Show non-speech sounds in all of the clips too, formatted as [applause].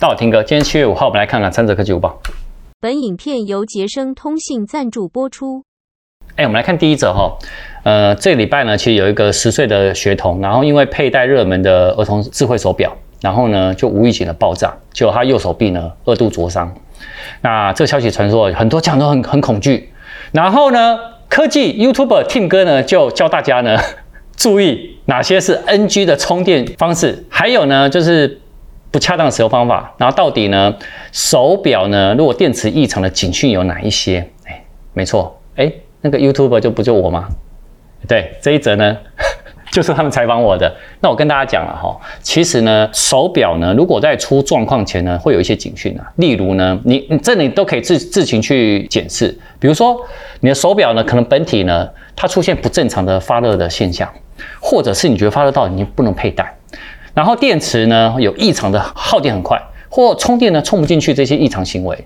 到 Tim 哥，今天七月五號，我們來看看三則科技午報。本影片由傑生通信贊助播出。哎，我們來看第一則哈，呃，這禮拜呢，其實有一個十歲的學童，然後因為佩戴熱門的兒童智慧手錶，然後呢就無意間的爆炸，結果他右手臂呢二度灼傷。那這個消息傳說很多家長都很很恐懼。然後呢，科技 YouTuber Tim 哥呢就教大家呢注意哪些是 NG 的充電方式，還有呢就是。不恰當的使用方法，然後到底呢，手錶呢，如果電池異常的警訊有哪一些？哎，沒錯，誒，那個 YouTuber 就不就我嗎？對，這一則呢，就是他們採訪我的。 [laughs] 那我跟大家講了、啊、哈，其實呢，手錶呢，如果在出狀況前呢，會有一些警訊啊，例如呢，你你這裡都可以自自行去檢視，比如說你的手錶呢，可能本體呢，它出現不正常的發熱的現象，或者是你覺得發熱到你不能佩戴。然後電池呢有異常的耗電很快，或充電呢充不進去這些異常行為，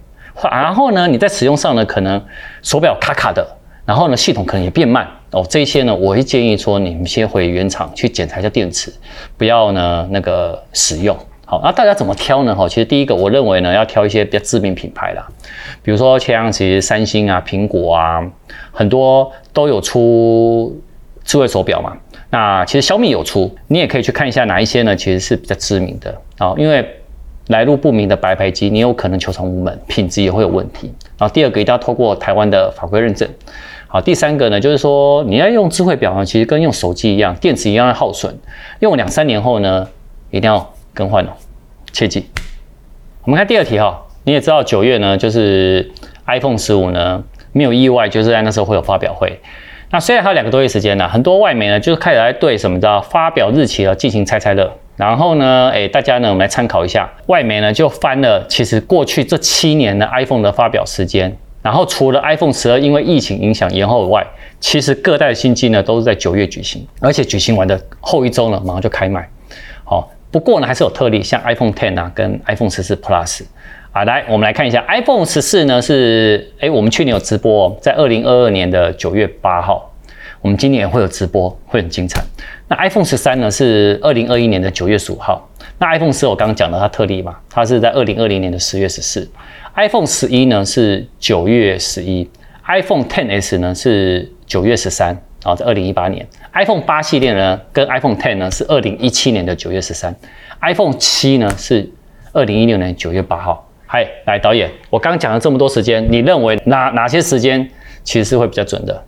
然後呢你在使用上呢可能手表卡卡的，然後呢系統可能也變慢哦，這些呢我會建議說你們先回原廠去檢查一下電池，不要呢那個使用。好，那大家怎麼挑呢？哦，其實第一個我認為呢要挑一些比較知名品牌啦，比如說像其實三星啊、蘋果啊，很多都有出智慧手表嘛。那其實小米有出，你也可以去看一下哪一些呢？其實是比較知名的啊，因為來路不明的白牌機，你有可能求成無門，品質也會有問題。然後第二個一定要透過台灣的法規認證。好，第三個呢，就是說你要用智慧錶呢，其實跟用手機一樣，電池一樣要耗損，用兩三年後呢，一定要更換了，切記。我們看第二題哈，你也知道九月呢，就是 iPhone 十五呢，沒有意外就是在那時候會有發表會。那雖然還有兩個多月時間了、啊，很多外媒呢就開始來對什麼的發表日期啊進行猜猜樂。然後呢，誒、欸、大家呢，我們來參考一下，外媒呢就翻了其實過去這七年的 iPhone 的發表時間。然後除了 iPhone 十二因為疫情影響延後以外，其實各代的新機呢都是在九月舉行，而且舉行完的後一周呢馬上就開賣。好、哦，不過呢還是有特例，像 iPhone Ten 啊跟 iPhone 十四 Plus。好，來我們來看一下 iPhone 十四呢是，誒、欸，我們去年有直播喔，在二零二二年的九月八號，我們今年會有直播，會很精彩。那 iPhone 十三呢是二零二一年的九月十五號，那 iPhone 十我剛剛講的它特例嘛，它是在二零二零年的十月十四，iPhone 十一呢是九月十一，iPhone XS 呢是九月十三，然後在二零一八年，iPhone 八系列呢跟 iPhone X 呢是二零一七年的九月十三，iPhone 七呢是二零一六年九月八號。嗨，來導演，我剛講了這麼多時間，你認為哪哪些時間其實是會比較準的？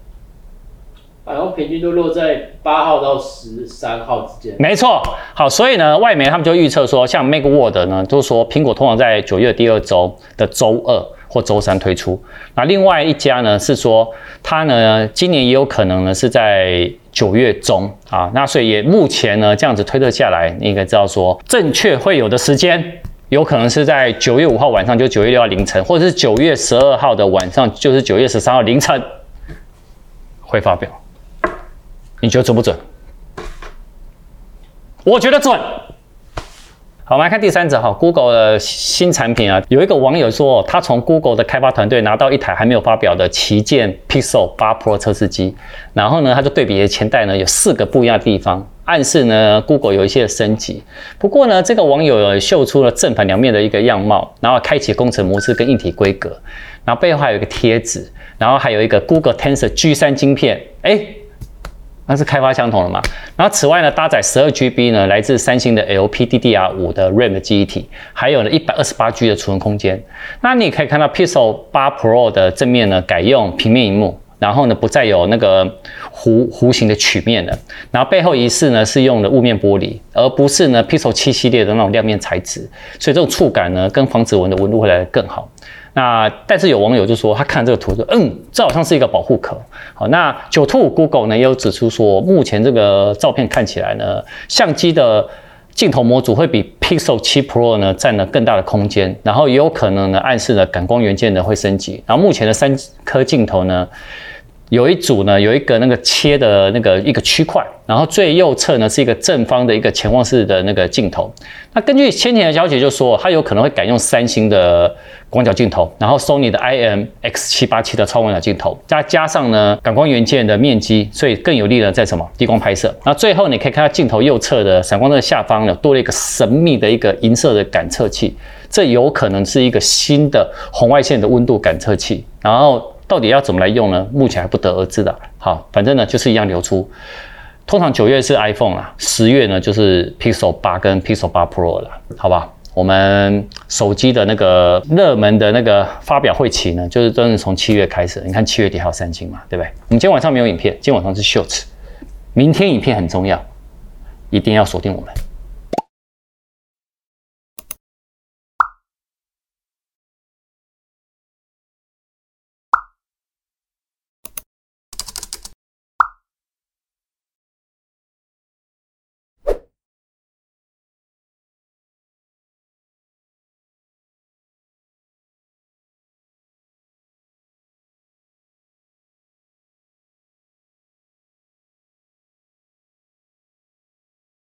百後平均都落在八號到十三號之間。沒錯，好，所以呢，外媒他們就預測說，像 Mac World 呢，就是說蘋果通常在九月第二周的周二或周三推出。那另外一家呢是說，它呢今年也有可能呢是在九月中啊。那所以也目前呢這樣子推測下來，你應該知道說正確會有的時間。有可能是在九月五號晚上，就九月六號凌晨，或者是九月十二號的晚上，就是九月十三號凌晨會發表。你覺得準不準？我覺得準。好，我們來看第三者哈，Google 的新產品啊，有一個網友說，他從 Google 的開發團隊拿到一台還沒有發表的旗艦 Pixel 8 Pro 測試機，然後呢，他就對比前代呢有四個不一樣的地方。暗示呢，Google 有一些升級。不過呢，這個網友秀出了正反兩面的一個樣貌，然後開啟工程模式跟硬體規格，然後背後還有一個貼紙，然後還有一個 Google Tensor G3 晶片，哎、欸，那是開發相同的嘛？然後此外呢，搭載 12GB 呢來自三星的 LPDDR5 的 RAM 的記憶體，還有呢 128G 的儲存空間。那你可以看到 Pixel 8 Pro 的正面呢改用平面螢幕。然後呢，不再有那個弧弧形的曲面了。然後背後一式呢，是用的霧面玻璃，而不是呢 Pixel 七系列的那種亮面材質。所以這種觸感呢，跟防指紋的紋路會來得更好。那但是有網友就說，他看這個圖就說，嗯，這好像是一個保護殼。好，那 9to5 Google 呢也有指出說，目前這個照片看起來呢，相機的。鏡頭模組會比 Pixel 7 Pro 呢佔了更大的空間，然後也有可能呢暗示了感光元件呢會升級，然後目前的三顆鏡頭呢，有一組呢，有一個那個切的那個一個區塊，然後最右側呢是一個正方的一個潛望式的那個鏡頭。那根據先前的消息就說，它有可能會改用三星的廣角鏡頭，然後索尼的 IMX787 的超廣角鏡頭，再加上呢感光元件的面積，所以更有利呢在什麼？低光拍攝。那最後你可以看到鏡頭右側的閃光燈下方呢多了一個神秘的一個銀色的感測器，這有可能是一個新的紅外線的溫度感測器，然後。到底要怎麼來用呢？目前還不得而知的。好，反正呢就是一樣流出。通常九月是 iPhone 啊，十月呢就是 Pixel 八跟 Pixel 八 Pro 了。好吧？我們手機的那個熱門的那個發表會期呢，就是真的是從七月開始。你看七月底還有三星嘛，對不對？我們今天晚上沒有影片，今天晚上是 shorts。明天影片很重要，一定要鎖定我們。